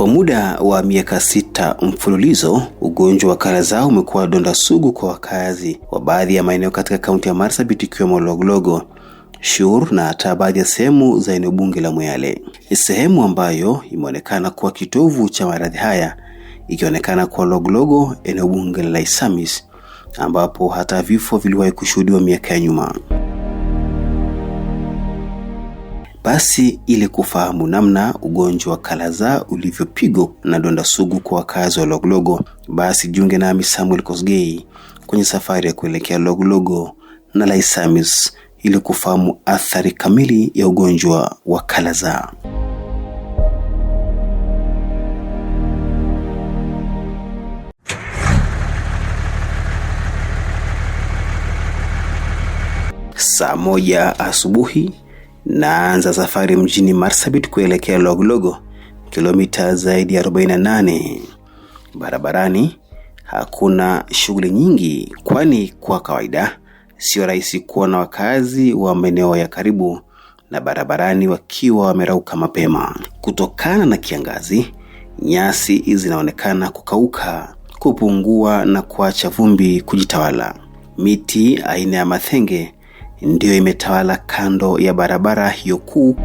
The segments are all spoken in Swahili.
Kwa muda wa miaka sita mfululizo, ugonjwa wa kala umekuwa donda sugu kwa wakazi wa baadhi ya maeneo katika kaunti ya Marsabit ikiwemo Loglogo, Shur na hata baadhi ya sehemu za eneo bunge la Moyale, sehemu ambayo imeonekana kuwa kitovu cha maradhi haya ikionekana kuwa Loglogo, eneo bunge la Laisamis, ambapo hata vifo viliwahi kushuhudiwa miaka ya nyuma. Basi ili kufahamu namna ugonjwa wa kalaza ulivyopigo na donda sugu kwa wakazi wa Loglogo, basi jiunge nami Samuel Kosgei kwenye safari ya kuelekea Loglogo na Laisamis ili kufahamu athari kamili ya ugonjwa wa kalaza. Saa moja asubuhi naanza safari mjini Marsabit kuelekea Loglogo, kilomita zaidi ya 48. Barabarani hakuna shughuli nyingi, kwani kwa kawaida sio rahisi kuona wakazi wa maeneo ya karibu na barabarani wakiwa wamerauka mapema kutokana na kiangazi. Nyasi zinaonekana kukauka, kupungua na kuacha vumbi kujitawala. Miti aina ya mathenge ndiyo imetawala kando ya barabara hiyo kuu.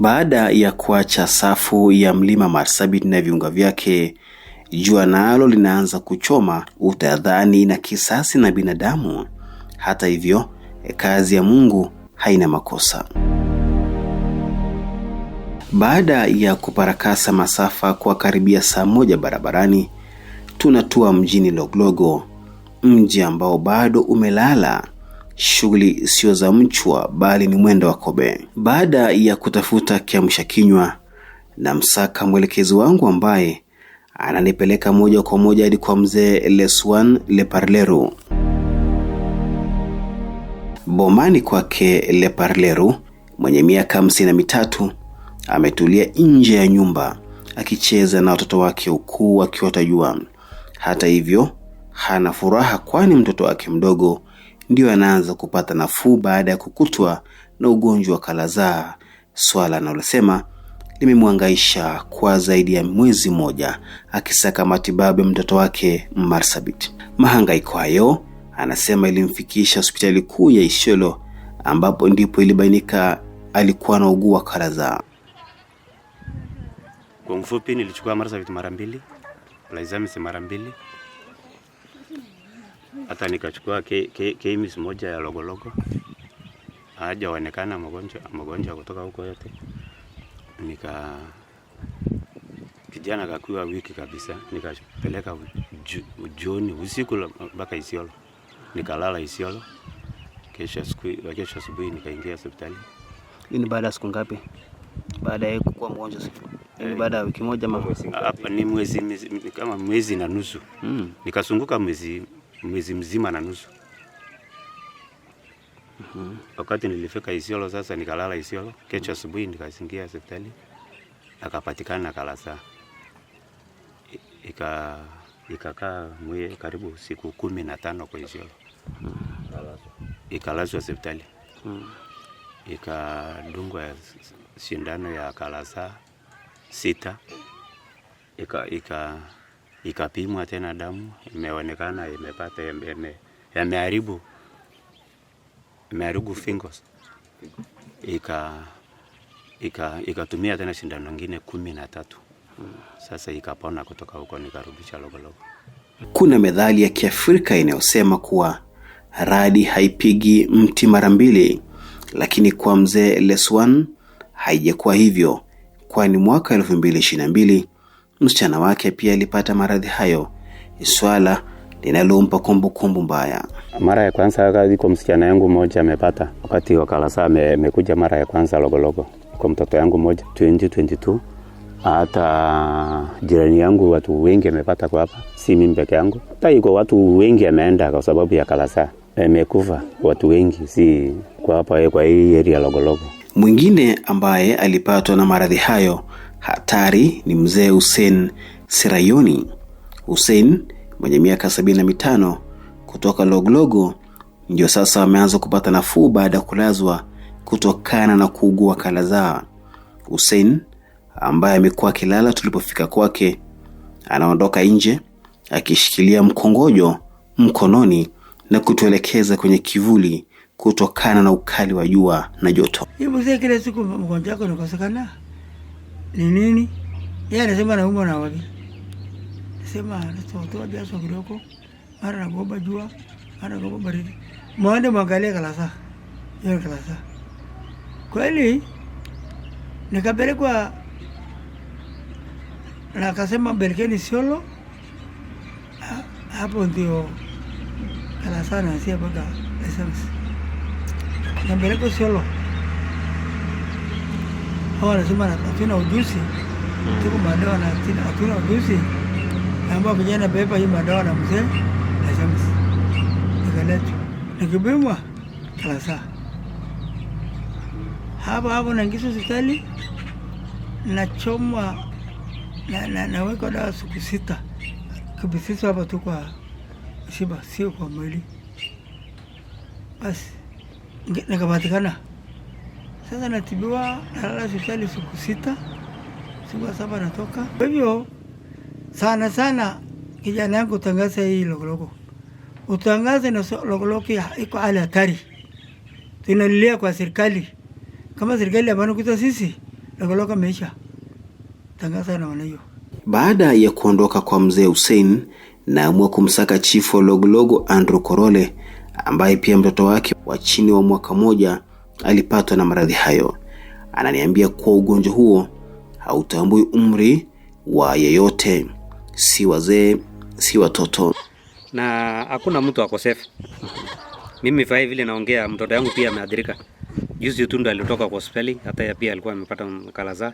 Baada ya kuacha safu ya mlima Marsabit na viunga vyake, jua nalo linaanza kuchoma. Utadhani na kisasi na binadamu. Hata hivyo, kazi ya Mungu haina makosa. Baada ya kuparakasa masafa kwa karibia saa moja barabarani, tunatua mjini Loglogo mji ambao bado umelala shughuli sio za mchwa bali ni mwendo wa kobe. Baada ya kutafuta kiamsha kinywa, na msaka mwelekezi wangu ambaye ananipeleka moja kwa moja hadi kwa mzee Leswan Leparleru. Bomani kwake Leparleru mwenye miaka hamsini na mitatu ametulia nje ya nyumba akicheza na watoto wake, ukuu akiwatajua. Hata hivyo hana furaha, kwani mtoto wake mdogo ndio anaanza kupata nafuu baada ya kukutwa na ugonjwa wa kalazaa, swala analosema limemwangaisha kwa zaidi ya mwezi mmoja akisaka matibabu ya mtoto wake Marsabit. Mahangaiko hayo anasema ilimfikisha hospitali kuu ya isholo ambapo ndipo ilibainika alikuwa ugua kalazaa. Kwa mfupi, nilichukua Marsabit mara mbili, Lysamys mara mbili hata nikachukua KMS moja ya logologo, hajaonekana mgonjwa mgonjwa kutoka huko yote. Nika kijana kakuwa wiki kabisa, nikapeleka jioni usiku mpaka Isiolo, nikalala Isiolo. Kesho asubuhi nikaingia hospitali. Hii ni baada ya siku ngapi? Baada ya kukua mgonjwa ni baada ya wiki moja, ni mwezi kama mwezi na nusu. Hmm. Nikasunguka mwezi mwezi mzima na nusu. Mm -hmm. Wakati nilifika Isiolo sasa nikalala Isiolo, kesho asubuhi nikasingia hospitali akapatikana na kalasa ika ikakaa mwe karibu siku kumi na tano kwa Isiolo. Mm -hmm. Ikalazwa hospitali. Mm -hmm. Ikadungwa sindano ya kalasa sita ika, ika ikapimwa tena damu imeonekana imepata yameharibu imeharibu fingers ika ikatumia tena sindano nyingine kumi na tatu. Sasa ikapona kutoka huko, nikarudisha Logologo. Kuna methali ya Kiafrika inayosema kuwa radi haipigi mti mara mbili, lakini kwa mzee Leswan haijakuwa hivyo, kwani mwaka 2022 Msichana wake pia alipata maradhi hayo, swala linalompa kumbukumbu mbaya. Mara ya kwanza iko msichana yangu mmoja amepata wakati wakalasa amekuja mara ya kwanza logologo kwa mtoto yangu mmoja 2022 hata jirani yangu watu wengi amepata kwa hapa, si mimi peke yangu. Hata iko watu wengi ameenda kwa sababu ya kalasa amekufa watu wengi, si kwa hapa, kwa hii ya logologo. Mwingine ambaye alipatwa na maradhi hayo hatari ni mzee Hussein Sirayoni. Hussein mwenye miaka sabini na mitano kutoka Loglogo ndio sasa wameanza kupata nafuu baada ya kulazwa kutokana na kuugua kalazaa. Hussein ambaye amekuwa akilala tulipofika kwake, anaondoka nje akishikilia mkongojo mkononi na kutuelekeza kwenye kivuli kutokana na ukali wa jua na joto. mzee, kila siku mgonjwa wako ni nini? Yeye anasema naumwa na wapi? Nasema natoa jasho kidogo, mara nagoba jua, mara nagoba baridi. Mwende mwangalie kalasa. Yeye kalasa. Kweli nikapelekwa na akasema Berkeni Siolo, hapo ndio kalasa naanzia mpaka lisensi. Napelekwa Siolo hawa wanasema hatuna ujuzi, mm. tuko madawa na hatuna ujuzi, ambao vijana beba hii madawa na mzee na shamsi nikaletwa nikibimwa kila saa hapo hapo naingizwa hospitali nachomwa na, na, nawekwa dawa siku sita kabisiso hapa tu kwa shiba, sio kwa mwili. Basi nikapatikana sasa natibiwa nalala hospitali siku sita, siku saba natoka. Kwa hivyo sana sana, kijana yangu utangaze hii logologo, utangaze na logologo iko hali hatari. Tunalilia kwa serikali, kama serikali ambayo kuita sisi logologo ameisha, tangaza na wanayo. Baada ya kuondoka kwa mzee Hussein, naamua kumsaka chifu wa logologo Andrew Korole ambaye pia mtoto wake wa chini wa mwaka moja alipatwa na maradhi hayo. Ananiambia kuwa ugonjwa huo hautambui umri wa yeyote, si wazee, si watoto, na hakuna mtu akosefu. Mimi fai vile naongea, mtoto yangu pia ameathirika. Juzi tu ndo alitoka kwa hospitali, hata pia alikuwa amepata mkalaza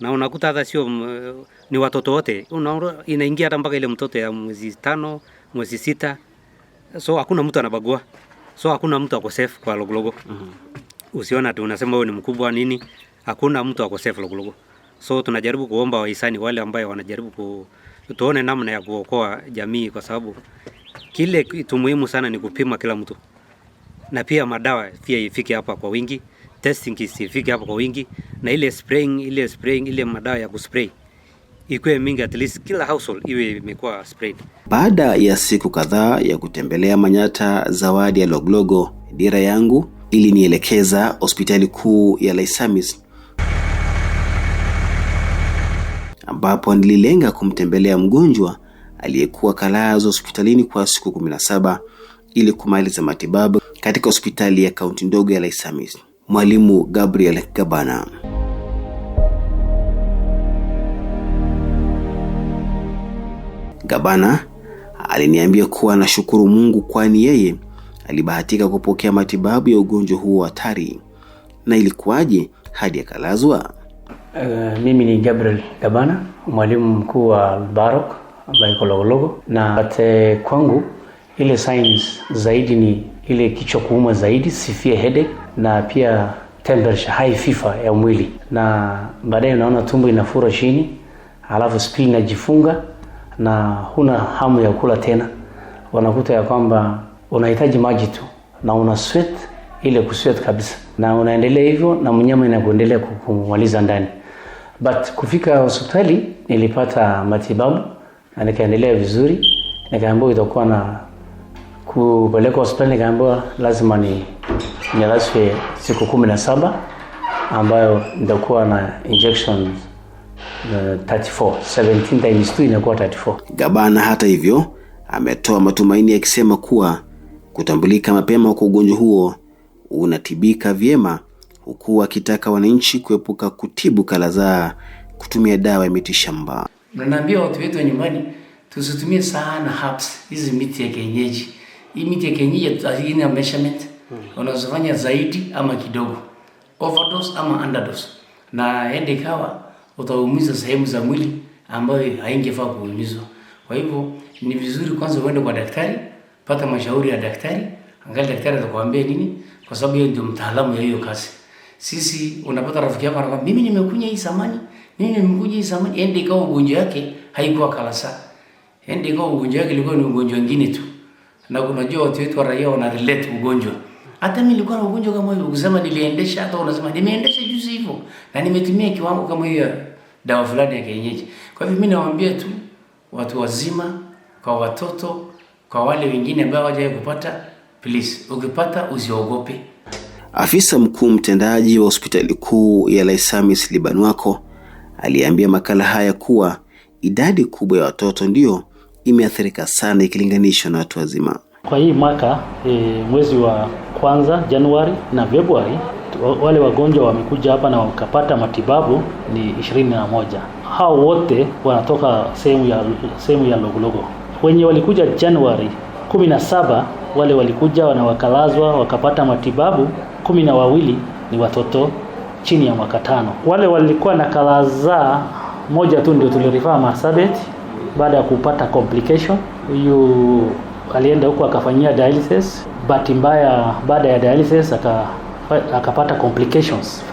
na unakuta hata sio mm, ni watoto wote, inaingia hata mpaka ile mtoto ya mwezi tano, mwezi sita, so hakuna mtu anabagua, so hakuna mtu akosefu kwa logologo. mm -hmm usiona tu unasema wewe ni mkubwa nini, hakuna mtu ako safe Logologo. So tunajaribu kuomba wahisani wale ambao wanajaribu ku, tuone namna ya kuokoa jamii, kwa sababu kile kitu muhimu sana ni kupima kila mtu, na pia madawa pia ifike hapa kwa wingi, testing isifike hapa kwa wingi, na ile spraying, ile spraying, ile madawa ya kuspray ikuwe mingi, at least kila household iwe imekuwa sprayed. Baada ya siku kadhaa ya kutembelea Manyata, zawadi ya Loglogo, dira yangu ilinielekeza hospitali kuu ya Laisamis ambapo nililenga kumtembelea mgonjwa aliyekuwa kalazwa hospitalini kwa siku 17 ili kumaliza matibabu katika hospitali ya kaunti ndogo ya Laisamis. Mwalimu Gabriel Gabana. Gabana aliniambia kuwa anashukuru Mungu kwani yeye alibahatika kupokea matibabu ya ugonjwa huo hatari. Na ilikuwaje hadi akalazwa? Uh, mimi ni Gabriel Gabana, mwalimu mkuu wa barok ambaye iko Logologo, na ate eh, kwangu ile signs zaidi ni ile kichwa kuuma zaidi, severe headache na pia temperature high fifa ya mwili, na baadaye unaona tumbo inafura chini, alafu spleen inajifunga na huna hamu ya kula tena, wanakuta ya kwamba unahitaji maji tu na una sweat ile ku sweat kabisa, na unaendelea hivyo na mnyama inakuendelea kumaliza ndani. But kufika hospitali nilipata matibabu na nikaendelea vizuri, nikaambiwa itakuwa na kupelekwa hospitali, nikaambiwa lazima ni nilazwe siku kumi na saba ambayo nitakuwa na injection uh, 34 17 times 2 inakuwa 34. Gabana hata hivyo ametoa matumaini akisema kuwa Kutambulika mapema kwa ugonjwa huo unatibika vyema, huku wakitaka wananchi kuepuka kutibu kala kutumia dawa ya miti shamba. Naambia watu wetu wa nyumbani tusitumie sana herbs, hizi miti ya kienyeji. Hii miti ya kienyeji haina measurement, unazofanya zaidi ama kidogo, overdose ama underdose, na ende kawa utaumiza sehemu za mwili ambayo haingefaa kuumizwa. Kwa hivyo ni vizuri kwanza uende kwa daktari pata mashauri ya daktari, angalia daktari atakwambia nini, kwa sababu yeye ndio mtaalamu ya hiyo kazi. Sisi unapata rafiki yako anakuambia, mimi nimekunywa hii samani, mimi nimekunywa hii samani, ende yaani ikawa ugonjwa wake haikuwa kalasa, ende yaani ikawa ugonjwa wake ilikuwa ni ugonjwa mwingine tu. Na unajua watu wetu wa raia wana relate ugonjwa. Hata mimi nilikuwa na ugonjwa kama hiyo, kusema niliendesha, hata unasema nimeendesha juzi hivyo na nimetumia kiwango kama hiyo dawa fulani ya kienyeji. Kwa hivyo mimi nawaambia tu watu wazima kwa watoto kwa wale wengine ambao hawajawahi kupata, please ukipata usiogope. Afisa mkuu mtendaji wa hospitali kuu ya Laisamis Libanwako aliambia makala haya kuwa idadi kubwa ya watoto ndiyo imeathirika sana ikilinganishwa na watu wazima. Kwa hii mwaka e, mwezi wa kwanza Januari na Februari wale wagonjwa wamekuja hapa na wakapata matibabu ni ishirini na moja. Hao wote wanatoka sehemu ya, sehemu ya Logologo wenye walikuja Januari 17 wale walikuja wanawakalazwa wakapata matibabu kumi na wawili ni watoto chini ya mwaka tano. Wale walikuwa na kalaza moja tu ndio tulirifaa Marsabit baada ya kupata complication. Huyu alienda huko akafanyia dialysis, bahati mbaya baada ya dialysis aka, akapata complications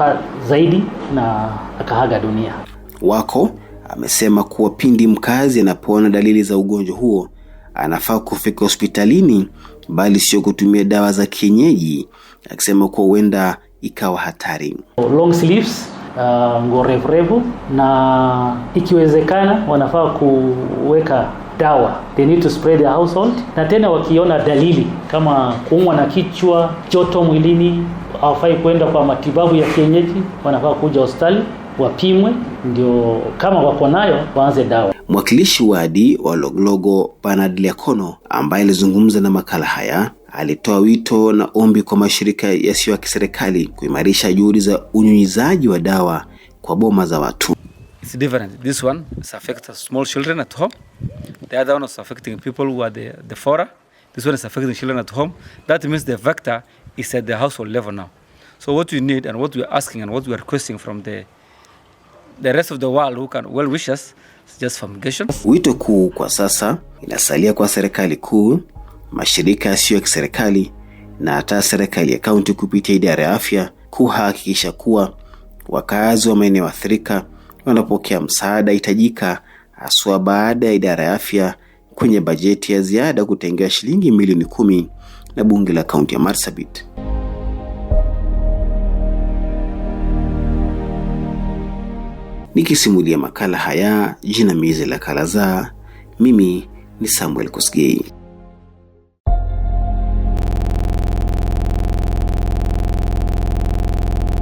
zaidi na akahaga dunia. Wako amesema kuwa pindi mkazi anapoona dalili za ugonjwa huo anafaa kufika hospitalini, bali sio kutumia dawa za kienyeji, akisema kuwa huenda ikawa hatari. Long sleeves, uh, nguo refu refu, na ikiwezekana wanafaa kuweka dawa they need to spray their household. Na tena wakiona dalili kama kuumwa na kichwa, joto mwilini, hawafai kwenda kwa matibabu ya kienyeji, wanafaa kuja hospitali wapimwe, ndio kama wako nayo waanze dawa. Mwakilishi wadi wa Loglogo Bernard Liakono ambaye alizungumza na makala haya alitoa wito na ombi kwa mashirika yasiyo ya kiserikali kuimarisha juhudi za unyunyizaji wa dawa kwa boma za watu. It's different. This one is affecting small children at home. The other one is affecting people who are the, the This one is affecting children at home. That means the vector is at the household level now. So what we need and what we are asking and what we are requesting from the the rest of the world who can well wish us just fumigation. Wito kuu kwa sasa inasalia kwa serikali kuu, mashirika yasiyo ya kiserikali na hata serikali ya kaunti kupitia idara ya afya kuhakikisha kuwa wakazi wa maeneo athirika wanapokea msaada hitajika, haswa baada ya idara ya afya kwenye bajeti ya ziada kutengewa shilingi milioni kumi na bunge la kaunti ya Marsabit. nikisimulia makala haya jinamizi la kala Mimi ni Samuel Kosgei.